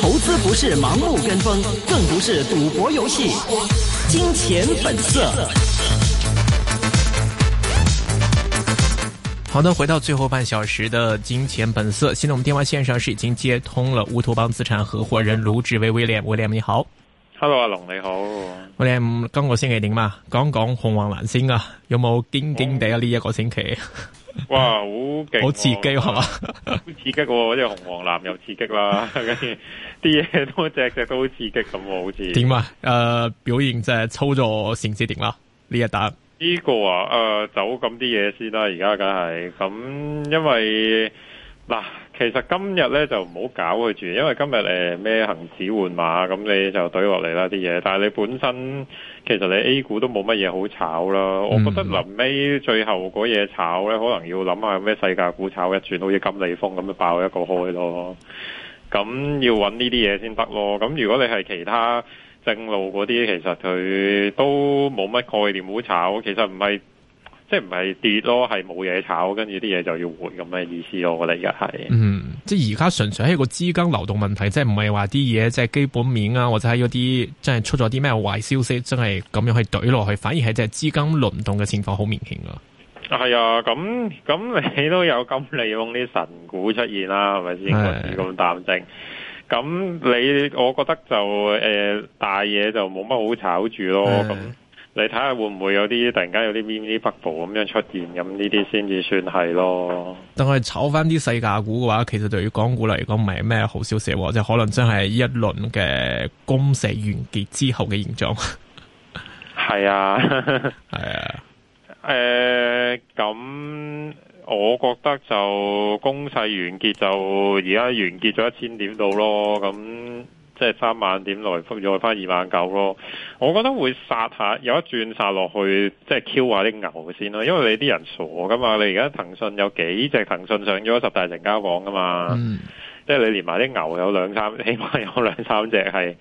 投資不是盲目跟風，更不是賭博遊戲。金錢本色。好的，回到最後半小時的金錢本色。現在我們電話線上是已經接通了烏托邦資產合伙人盧志威威廉。威廉，你好。Hello 阿龍你好。威廉，今個星期點嘛咁我先給您嘛，講講紅黃藍先啊，有冇驚驚地啊呢一個星期？哇，好勁、啊！好刺激係、啊、嘛？好、啊、刺激喎、啊，即係 紅黃藍又刺激啦、啊，跟住啲嘢都只只都好刺激咁、啊，好似點啊？誒，表現即係操作成績點啦？呢一打呢個啊？誒、呃，走咁啲嘢先啦，而家梗係咁，因為嗱。其實今日咧就唔好搞佢住，因為今日誒咩恆指換馬咁你就堆落嚟啦啲嘢。但係你本身其實你 A 股都冇乜嘢好炒啦。嗯、我覺得臨尾最後嗰嘢炒咧，可能要諗下咩世界股炒一轉，好似金利豐咁樣爆一個開咯。咁要搵呢啲嘢先得咯。咁如果你係其他正路嗰啲，其實佢都冇乜概念好炒。其實唔係。即係唔係跌咯，係冇嘢炒，跟住啲嘢就要回咁嘅意思咯。我覺得而家係嗯，即係而家純粹係一個資金流動問題，即係唔係話啲嘢即係基本面啊，或者係嗰啲即係出咗啲咩壞消息，真係咁樣去懟落去，反而係即係資金輪動嘅情況好明顯啊。係啊、哎，咁咁你都有咁利用啲神股出現啦，係咪先？咁淡定，咁你我覺得就誒、呃、大嘢就冇乜好炒住咯，咁的。你睇下會唔會有啲突然間有啲 mini bubble 咁樣出現，咁呢啲先至算係咯。但係炒翻啲細價股嘅話，其實對於港股嚟講，唔係咩好消息，即係可能真係一輪嘅攻勢完結之後嘅現狀。係啊，係 啊。誒、 呃，咁我覺得就攻勢完結就而家完結咗一千點度咯，咁。即係三萬點內復咗翻二萬九咯，29，我覺得會殺下有一轉殺落去，即係 Q 下啲牛先咯。因為你啲人傻噶嘛，你而家騰訊有幾隻騰訊上咗十大成交榜噶嘛？嗯、即係你連埋啲牛有兩三，起碼有兩三隻係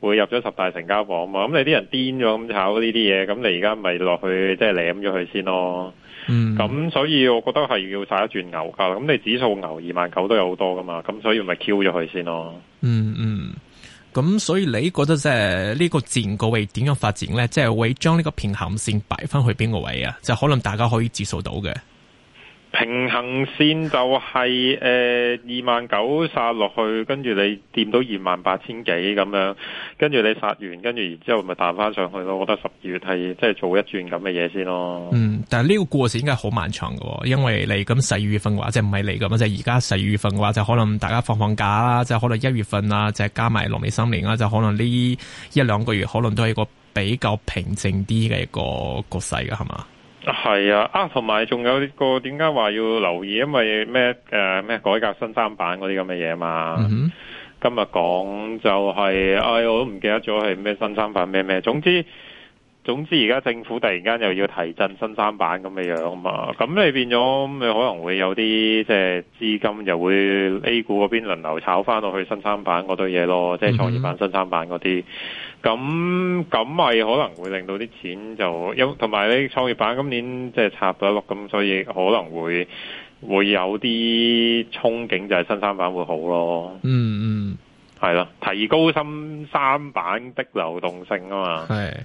會入咗十大成交榜嘛。咁你啲人癲咗咁炒呢啲嘢，咁你而家咪落去即係舐咗佢先咯。咁、嗯、所以我覺得係要殺一轉牛噶啦。咁你指數牛二萬九都有好多噶嘛，咁所以咪 Q 咗佢先咯。嗯嗯。嗯嗯。咁所以你覺得即係呢個自然個位點樣發展咧？即、就、係、是、會將呢個平衡線擺翻去邊個位啊？就是、可能大家可以接受到嘅。平衡線就係誒二萬九殺落去，跟住你掂到二萬八千幾咁樣，跟住你殺完，跟住然之後咪彈翻上去咯。我覺得十二月係即係做一轉咁嘅嘢先咯。嗯，但係呢個過程應該係好漫長嘅，因為你咁十二月份嘅話，即係唔係嚟噶嘛，即係而家十二月份嘅話，就可能大家放放假啦，即係可能一月份啊，即係加埋農曆新年啦，就可能呢一兩個月可能都係一個比較平靜啲嘅一個局勢嘅係嘛？係啊，啊，同埋仲有呢個點解話要留意，因為咩誒咩改革新三板嗰啲咁嘅嘢嘛。Mm hmm. 今日講就係、是，哎，我都唔記得咗係咩新三板咩咩，總之。總之，而家政府突然間又要提振新三板咁嘅樣啊嘛，咁你變咗你可能會有啲即係資金就會 A 股嗰邊輪流炒翻落去新三板嗰堆嘢咯，即係創業板、新三板嗰啲。咁咁咪可能會令到啲錢就，因同埋你創業板今年即係插咗一碌，咁所以可能會會有啲憧憬就係新三板會好咯。嗯嗯、mm，係、hmm. 啦，提高新三板的流動性啊嘛，係、mm。Hmm.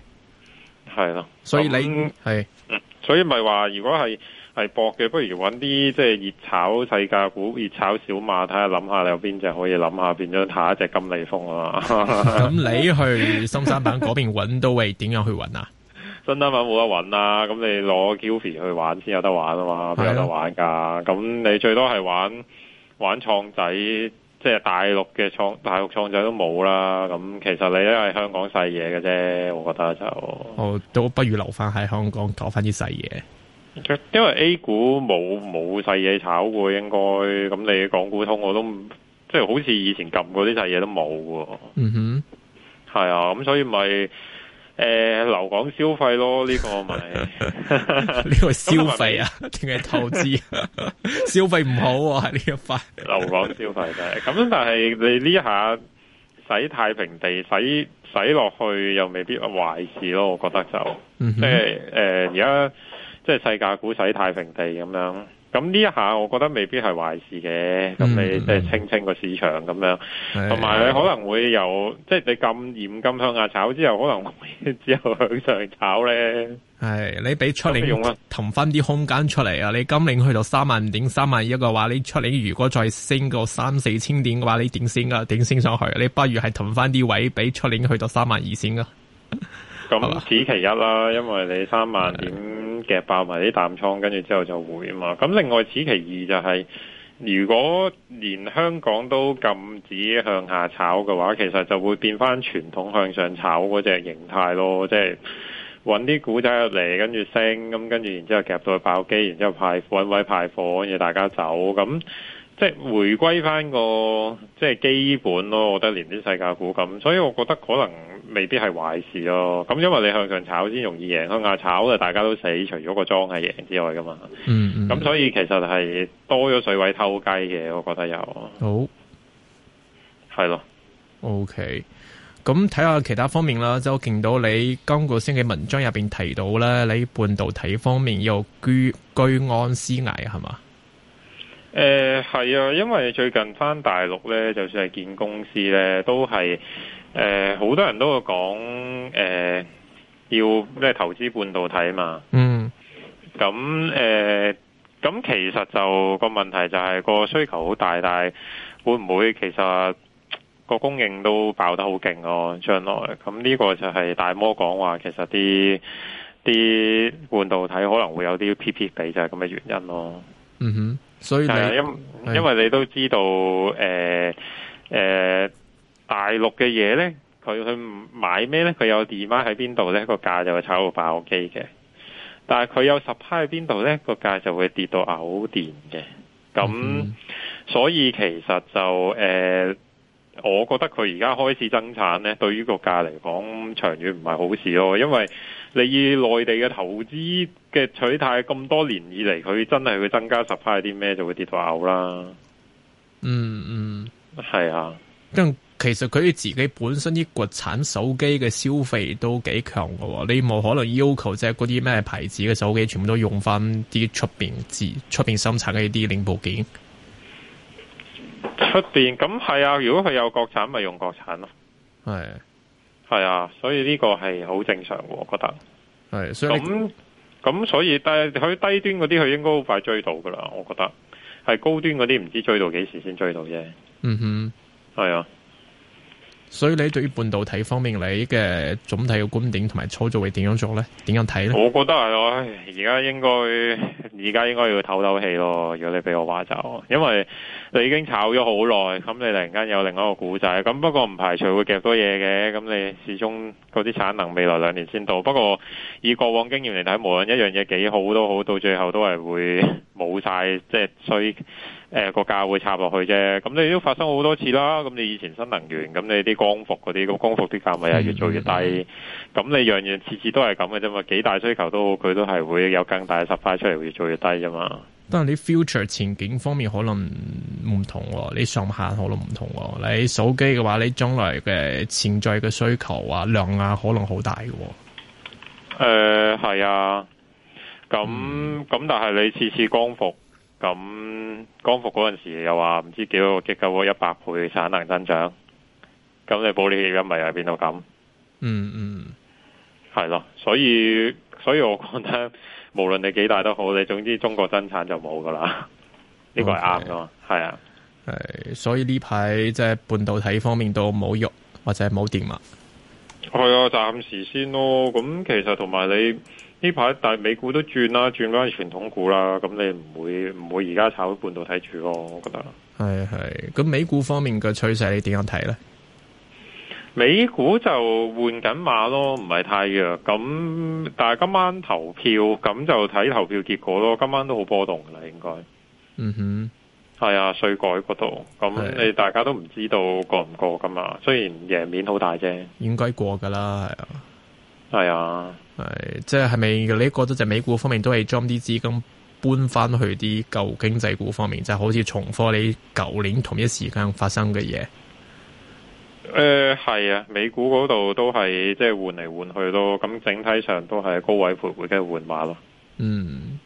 係啦，所以你係，嗯、的所以咪話如果係係博嘅，不如揾啲即係熱炒世界股、熱炒小馬，睇下諗下你有邊隻可以諗下變咗下一隻金利豐啊。咁你去新三板嗰邊揾到，喂，點樣去揾啊？新三板冇得揾啊，咁你攞 KUV 去玩先有得玩啊嘛，邊有得玩噶。咁你最多係玩玩創仔。即係大陸嘅創，大陸創仔都冇啦。咁其實你都係香港細嘢嘅啫，我覺得就我、哦、都不如留翻喺香港搞翻啲細嘢。因為 A 股冇冇細嘢炒嘅，應該咁你港股通我都即係好似以前撳嗰啲細嘢都冇喎。嗯哼，係啊，咁所以咪。誒，留、呃、港消費咯，呢、這個咪呢個消費啊，定係 投資、啊？ 消費唔好啊，呢一塊留港消費嘅。咁 但係你呢下洗太平地，洗洗落去又未必壞事咯。我覺得就、嗯、哼即係誒，而、呃、家即係世界股洗太平地咁樣。咁呢一下，我覺得未必係壞事嘅。咁、嗯、你即係清清個市場咁樣，同埋、嗯、你可能會有、嗯、即係你咁嚴禁向下炒之後，可能會之後向上炒咧。係你俾出年用啊，騰翻啲空間出嚟啊！你今年去到三萬點三萬一嘅話，你出年如果再升個三四千點嘅話，你點升啊？點升上去？你不如係騰翻啲位俾出年去到三萬二先啊！咁此其一啦，因為你三萬點夾爆埋啲淡倉，跟住之後就會啊嘛。咁另外此其二就係，如果連香港都禁止向下炒嘅話，其實就會變翻傳統向上炒嗰隻形態咯，即係搵啲股仔入嚟，跟住升，咁跟住然之後夾到去爆機，然之後派搵位派貨，跟住大家走咁。即係回歸翻個即係基本咯，我覺得連啲世界股咁，所以我覺得可能未必係壞事咯。咁因為你向上炒先容易贏，向下炒就大家都死，除咗個莊係贏之外㗎嘛。嗯，嗯，咁所以其實係多咗水位偷雞嘅，我覺得有。好，係咯。OK，咁睇下其他方面啦。就係我見到你今個星期文章入邊提到咧，你半導體方面有居居安思危係嘛？誒係、呃、啊，因為最近翻大陸咧，就算係見公司咧，都係誒好多人都會講誒、呃、要咩投資半導體啊嘛、mm hmm. 嗯。嗯。咁誒，咁其實就個問題就係個需求好大，但係會唔會其實個供應都爆得好勁哦？將來咁呢個就係大摩講話，其實啲啲半導體可能會有啲 P P 地，就係咁嘅原因咯。嗯哼、mm。Hmm. 所以，因因為你都知道，誒誒的、呃呃、大陸嘅嘢咧，佢去買咩咧？佢有二媽喺邊度咧，個價就會炒到爆機嘅。但係佢有十派喺邊度咧，個價就會跌到嘔電嘅。咁、嗯、哼所以其實就誒、呃，我覺得佢而家開始增產咧，對於個價嚟講，長遠唔係好事咯，因為。你以內地嘅投資嘅取態，咁多年以嚟，佢真係會增加十趴啲咩？就會跌到嘔啦、嗯。嗯嗯，係啊。咁其實佢自己本身啲國產手機嘅消費都幾強㗎，你冇可能要求即係嗰啲咩牌子嘅手機全部都用翻啲出邊自出邊生產嘅啲零部件。出邊咁係啊，如果佢有國產咪用國產咯，係。係啊，所以呢個係好正常，我覺得。係，咁咁所以，但係佢低端嗰啲，佢應該好快追到㗎喇，我覺得。係高端嗰啲，唔知追到幾時先追到啫。嗯哼，係啊。所以你對於半導體方面，你嘅總體嘅觀點同埋操作會點樣做呢？點樣睇呢？我覺得係咯，而家應該，而家應該要唞唞氣咯。如果你俾我話就，因為你已經炒咗好耐，咁你突然間有另一個股仔，咁不過唔排除會夾多嘢嘅。咁你始終嗰啲產能未來兩年先到，不過以過往經驗嚟睇，無論一樣嘢幾好都好，到最後都係會冇晒。即係所誒，個價會插落去啫。咁你都發生好多次啦。咁你以前新能源，咁你啲光伏嗰啲，咁光伏啲價咪又越做越低。咁你樣樣次次都係咁嘅啫嘛。幾大需求都，佢都係會有更大嘅殺價出嚟，會越做越低啫嘛。但係你 future 前景方面可能唔同，你上限可能唔同。你手機嘅話，你將來嘅潛在嘅需求啊量啊，量可能好大嘅。誒，係、 呃、啊。咁咁，但係你次次光伏。咁光伏嗰陣時又話唔知幾多個機構一百倍產能增長，咁你保利嘅咪又變到咁、嗯？嗯嗯，係咯，所以所以我覺得無論你幾大都好，你總之中國增產就冇噶啦，呢個係啱噶嘛？係啊 okay, 的，係，所以呢排即係半導體方面都冇用或者冇電嘛？係啊，暫時先咯。咁其實同埋你。呢排但係美股都轉啦，轉翻傳統股啦，咁你唔會唔會而家炒半導體住咯？我覺得係係咁，是是美股方面嘅趨勢你點樣睇呢？美股就換緊馬咯，唔係太弱。咁但係今晚投票，咁就睇投票結果咯。今晚都好波動噶啦，應該。嗯哼，係啊，稅改嗰度，咁你大家都唔知道過唔過噶嘛？雖然贏面好大啫，應該過噶啦，係啊，係啊。誒，即係咪你覺得就美股方面都係將啲資金搬翻去啲舊經濟股方面，就是，好似重覆你舊年同一時間發生嘅嘢？誒、呃，係啊，美股嗰度都係即係換嚟換去咯，咁整體上都係高位徘徊嘅換馬咯。嗯，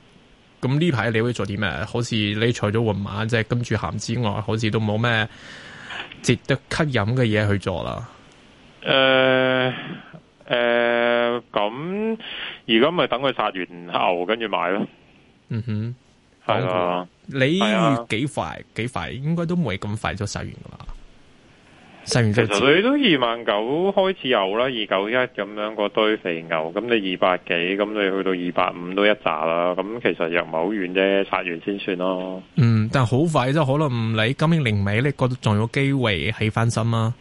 咁呢排你會做啲咩？好似你除咗換馬，即、就、係、是、跟住行之外，好似都冇咩值得吸引嘅嘢去做啦。誒、呃。誒，咁而家咪等佢殺完牛，跟住買咯。嗯哼，係 啊，你幾快？幾快？應該都唔會咁快就殺完噶啦。殺完就止。其實你都二萬九開始有啦，二九一咁樣個堆肥牛，咁你二百幾，咁你去到二百五都一扎啦。咁其實又唔係好遠啫，殺完先算咯。嗯，但係好快啫，可能唔理，今年零尾，你覺得仲有機會起翻身啦。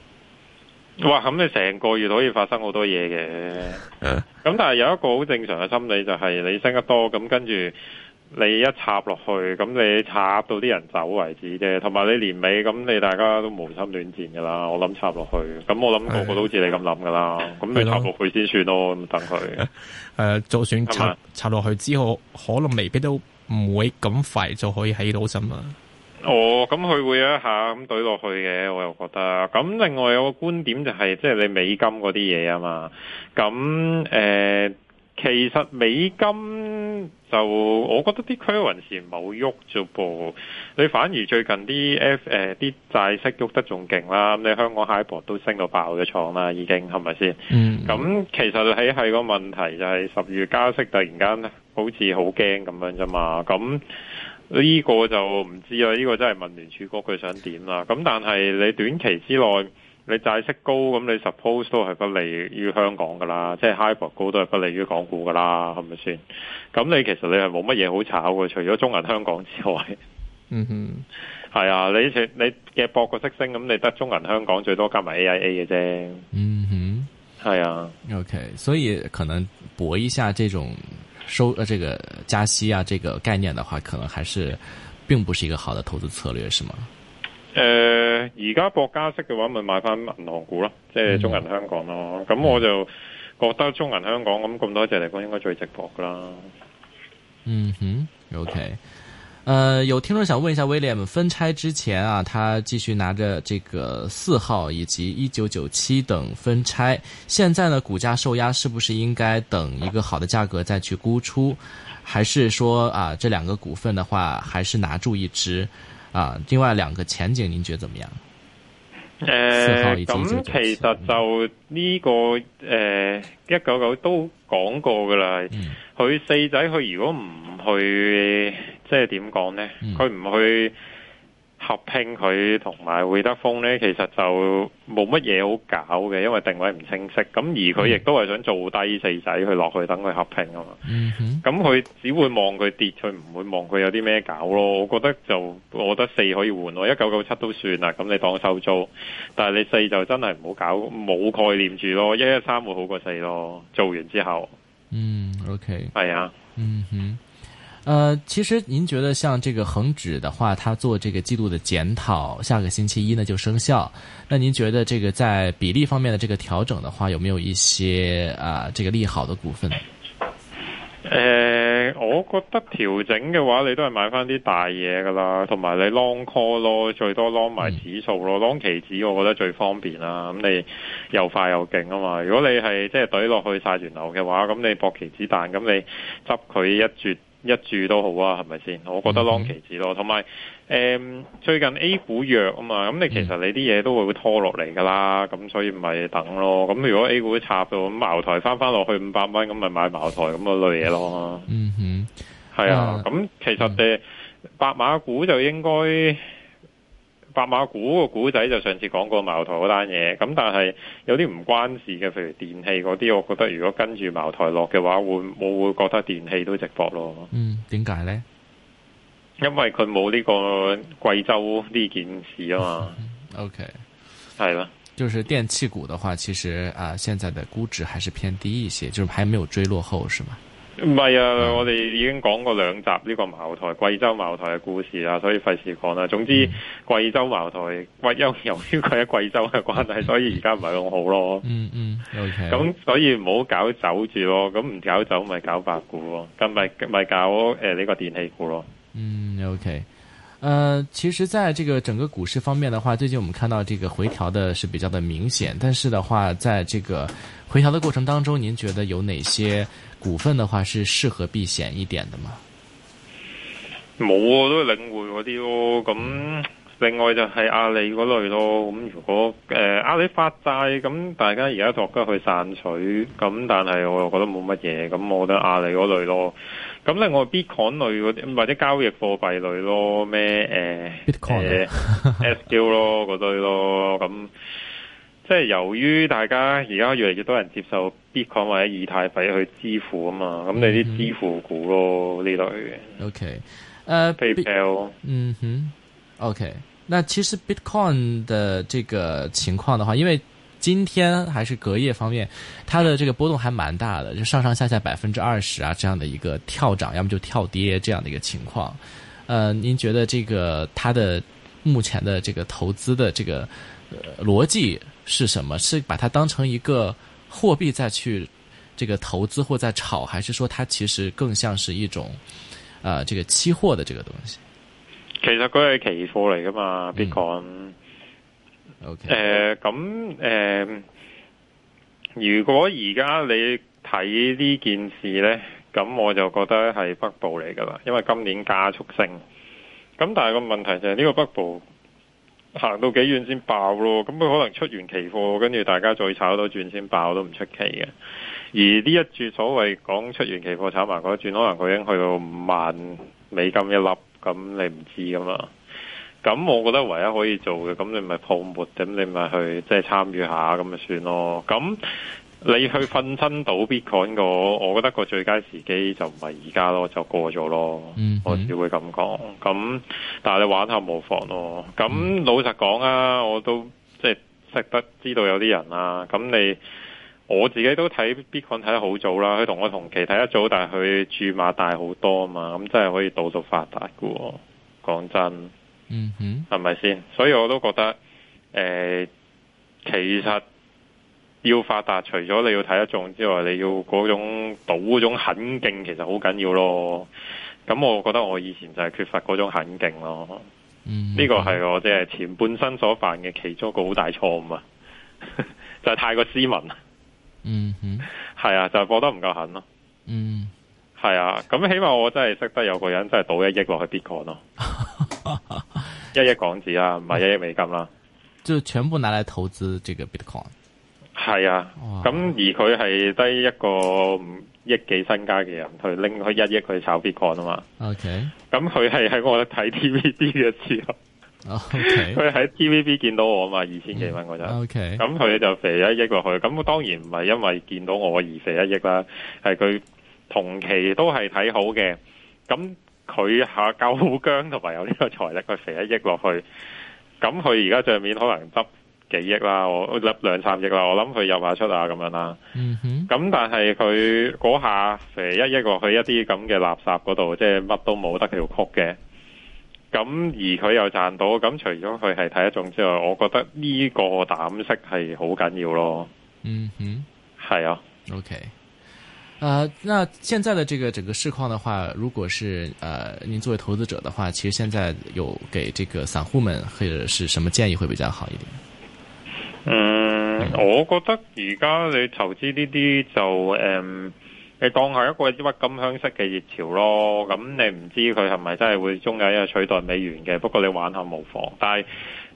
哇！咁你成個月都可以發生好多嘢嘅，咁 但係有一個好正常嘅心理就係你升得多，咁跟住你一插落去，咁你插到啲人走為止啫。同埋你年尾咁，你大家都無心戀戰噶啦。我諗插落去，咁我諗個個都好似你咁諗噶啦。咁 你插落去先算咯，咁等佢。誒、 啊，就、呃、算插 插落去之後，可能未必都唔會咁快就可以起到心啊。哦，咁佢會一下咁懟落去嘅，我又覺得。咁另外有個觀點就係、是，即係你美金嗰啲嘢啊嘛。咁誒、呃，其實美金就我覺得啲 curve 係冇喐啫噃，你反而最近啲誒誒啲債息喐得仲勁啦。咁你香港 HIBOR 都升到爆嘅廠啦，已經係咪先？嗯。咁其實喺係個問題就係十月加息突然間咧，好似好驚咁樣啫嘛。咁。呢個就唔知啦，呢、這個真係問聯儲局佢想點啦。咁但係你短期之內，你債息高咁，你 suppose 都係不利於香港噶啦，即係 HIBOR 高都係不利於港股噶啦，係咪先？咁你其實你係冇乜嘢好炒嘅，除咗中銀香港之外，嗯哼，係啊，你你嘅博個息升咁，你得中銀香港最多加埋 AIA 嘅啫，嗯哼，係啊，OK，所以可能搏一下這種。收呃，這個加息啊，這個概念的話，可能還是，並不是一個好的投資策略，是嗎？誒、呃，而家博加息嘅話，咪買翻銀行股咯，即係中銀香港咯。咁、嗯、我就覺得中銀香港，咁咁多隻地方應該最值博㗎啦。嗯哼，OK。誒、呃，有聽眾想問一下 William 分拆之前啊，他繼續拿着這個四號以及一九九七等分拆，現在呢股價受壓，是不是應該等一個好的價格再去沽出，還是說啊這兩個股份的話，還是拿住一隻？啊，另外兩個前景，您覺得怎麼樣？誒、呃，咁、呃、其實就呢、這個誒一九九都講過噶啦，佢、嗯、四仔佢如果唔去。即係點講呢？佢唔、嗯、去合併佢同埋會德豐呢，其實就冇乜嘢好搞嘅，因為定位唔清晰。咁而佢亦都係想做低四仔去落去等佢合併啊嘛。咁佢、嗯、哼只會望佢跌，佢唔會望佢有啲咩搞咯。我覺得就，我覺得四可以換，一九九七都算啦。咁你當收租，但係你四就真係唔好搞，冇概念住咯。一一三會好過四咯。做完之後，嗯，OK，係啊，嗯哼。呃，其實您覺得像這個恒指的話，它做這個季度的檢討，下個星期一呢就生效。那您覺得這個在比例方面的這個調整的話，有沒有一些啊這個利好的股份？誒、呃，我覺得調整嘅話，你都係買翻啲大嘢噶啦，同埋你 long call 咯，最多 long 埋指數咯、嗯、long 期指我覺得最方便啦、啊。咁你又快又勁啊嘛。如果你係即係懟落去晒完樓嘅話，咁你搏期指彈，咁你執佢一絕。一住都好啊，係咪先？我覺得 l 其 n g 咯，同埋誒最近 A 股弱啊嘛，咁你其實你啲嘢都會會拖落嚟噶啦，咁所以咪等咯。咁如果 A 股插到，咁茅台翻翻落去五百蚊，咁咪買茅台咁嗰類嘢咯。嗯哼，係啊。咁、嗯嗯、其實誒，白馬股就應該。白馬股個股仔就上次講過茅台嗰單嘢，咁但係有啲唔關事嘅，譬如電器嗰啲，我覺得如果跟住茅台落嘅話，我會覺得電器都直播咯。嗯，點解咧？因為佢冇呢個貴州呢件事啊嘛。 OK，係啦吧。就是電器股嘅話，其實啊、呃，現在嘅估值還是偏低一些，就是還沒有追落後，是嗎？唔係、嗯、啊，我哋已經講過兩集呢個茅台貴州茅台嘅故事啦，所以費事講啦。總之貴州茅台屈優由於佢喺貴州嘅關係，所以而家唔係咁好咯。嗯嗯，OK 嗯。咁所以唔好搞走住咯，咁唔搞走咪搞白股咯，咁咪咪搞誒呢、呃，這個電器股咯。嗯，OK、呃。誒，其實，在這個整個股市方面的話，最近我們看到這個回調的是比較的明顯，但是的話，在這個回調的過程當中，您覺得有哪些？股份嘅話係適合避險一點嘅嘛，冇啊，都係領匯嗰啲咯。咁另外就係阿里嗰類咯。咁如果誒、呃、阿里發債，咁大家而家度得去散取。咁但係我又覺得冇乜嘢。咁我覺得阿里嗰類咯。咁另外 Bitcoin 類嗰啲或者交易貨幣類咯咩，誒 Bitcoin，SQ 咯嗰堆咯咁。 即係由於大家而家越嚟越多人接受 Bitcoin 或者以太幣去支付啊嘛，咁你啲支付股咯呢類。OK，誒 PayPal。嗯哼、mm。Hmm. Okay.，那其實 Bitcoin 的這個情況的話，因為今天還是隔夜方面，它的這個波動還蠻大的，就上上下下百分之二十啊，這樣嘅一個跳漲，要麼就跳跌這樣嘅一個情況。呃，您覺得這個它的？目前的這個投資的這個呃邏輯是什麼？是把它當成一個貨幣再去這個投資或在炒，還是說它其實更像是一種啊、呃、這個期貨的這個東西？其實佢係期貨嚟㗎嘛，Bitcoin、嗯。OK 須。誒咁誒，如果而家你睇呢件事咧，咁我就覺得係北部嚟㗎喇，因為今年加速升。咁但係個問題就係呢個 bubble 行到幾遠先爆咯，咁佢可能出完期貨，跟住大家再炒多轉先爆都唔出奇嘅。而呢一注所謂講出完期貨炒埋嗰一轉，可能佢已經去到五萬美金一粒，咁你唔知㗎嘛。咁我覺得唯一可以做嘅，咁你咪泡沫，咁你咪去即係參與下咁咪算咯。咁你去瞓身到 Bitcoin 個我覺得個最佳時機就唔係而家咯，就過咗咯。Mm hmm. 我只會咁講，咁但係你玩下無妨咯。咁老實講啊，我都即係識得知道有啲人啦、啊，咁你我自己都睇 Bitcoin 睇得好早啦，佢同我同期睇得早，但係佢注碼大好多啊嘛。咁真係可以倒數發達嘅。講真，嗯嗯、mm，係、hmm. 咪先？所以我都覺得，誒、呃、其實。要發達，除咗你要睇得中之外，你要嗰種賭嗰種狠勁，其實好緊要咯。咁我覺得我以前就係缺乏嗰種狠勁咯。嗯，呢個係我即係前半生所犯嘅其中一個好大錯誤啊！ 就係太過斯文。嗯嗯，係、嗯、 啊，就係、是、搏得唔夠狠咯。嗯，係啊。咁起碼我真係識得有個人真係賭一億落去 bitcoin 咯， 一億港紙唔係一億美金啦。就全部拿嚟投資這個 bitcoin。係啊，咁哇而佢係低一個五億幾身家嘅人，去拎佢一億去炒比特幣啊嘛。OK，咁佢係喺我睇 TVB 嘅時候，佢喺 TVB 見到我啊嘛，二千幾蚊嗰陣。OK，咁佢就肥一億落去，咁當然唔係因為見到我而肥一億啦，係佢同期都係睇好嘅。咁佢下夠姜同埋有呢個財力，佢肥一億落去，咁佢而家帳面可能執。幾億啦，我粒兩三億啦，我諗佢入下出啊，咁樣啦。咁、嗯、哼。但係佢嗰下肥一億落去一啲咁嘅垃圾嗰度，即係乜都冇得佢要曲嘅。咁而佢又賺到，咁除咗佢係睇一種之外，我覺得呢個膽識係好緊要咯。嗯哼，係啊，OK、呃。誒，那現在嘅這個整個市況的話，如果是誒、呃，您作為投資者的話，其實現在有給這個散戶們或者是什麼建議會比較好一點？嗯，我覺得而家你投資呢啲就誒、嗯，你當係一個鬱金香式嘅熱潮咯。咁你唔知佢係咪真係會終有一日取代美元嘅？不過你玩下無妨。但係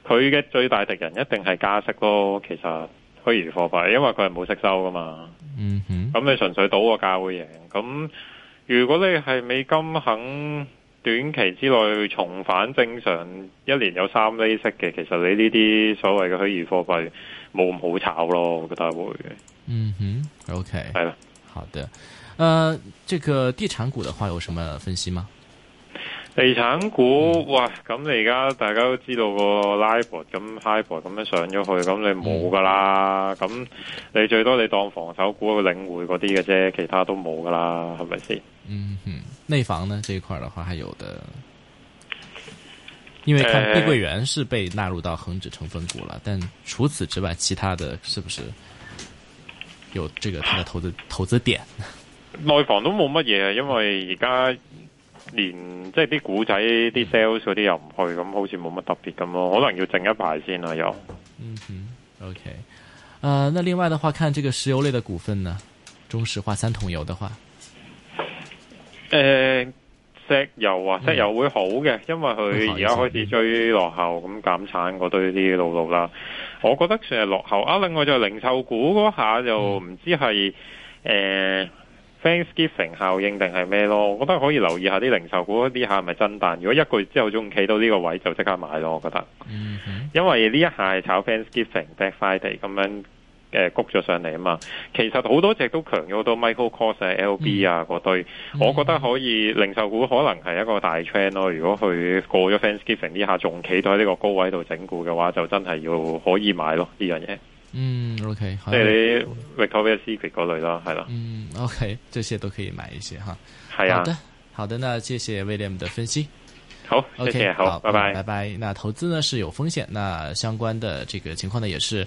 佢嘅最大敵人一定係加息咯。其實虛擬貨幣，因為佢係冇息收噶嘛。嗯哼，咁你純粹賭個價會贏。咁如果你係美金肯。短期之內重返正常，一年有三厘息嘅，其實你呢啲所謂嘅虛擬貨幣冇咁好炒咯，我覺得會。嗯哼、mm hmm.，OK，係啦的，好的。呃、uh,，這個地產股的話有什麼分析嗎？地產股，哇，咁你而家大家都知道個 Hyper 咁 Hyper 咁樣上咗去，咁你冇噶啦，咁、mm hmm. 你最多你當防守股去領匯嗰啲嘅啫，其他都冇噶啦，係咪先？嗯哼，內房呢這一塊的話，還有的，因為看碧桂園是被納入到恒指成分股了，呃、但除此之外，其他的是不是有這個它的投資、啊、投資點？內房都冇乜嘢啊，因為而家連即係啲股仔啲 sales 嗰啲又唔去，咁好似冇乜特別咁咯，可能要靜一排先啊。有，嗯哼，OK，啊、呃、那另外的話，看這個石油類的股份呢，中石化三桶油的話。誒、呃，石油啊，石油會好嘅，因為佢而家開始追落後，咁減產嗰堆啲路路啦。我覺得算係落後啊。另外就零售股嗰下就唔知係誒 Thanksgiving 效應定係咩咯？我覺得可以留意下啲零售股啲下係咪真彈？如果一個月之後仲企到呢個位就即刻買咯。我覺得，因為呢一下係炒 Thanksgiving Black Friday 咁樣。誒、呃，谷咗上嚟啊嘛，其實好多隻都強咗好多，Michael Kors 啊、LB 啊嗰堆，我覺得可以零售股可能係一個大 trend 咯。如果佢過咗 Thanksgiving 呢下仲企喺呢個高位度整固嘅話，就真係要可以買咯呢樣嘢。嗯，OK，即係你 Victoria's Secret 嗰類咯，係咯、嗯。啦嗯，OK，即係都可以買一些哈。係啊。好的，好的，那謝謝 William 的分析。好，OK，好，拜拜、okay,。拜拜。Bye bye 那投資呢是有風險，那相關的這個情況呢也是。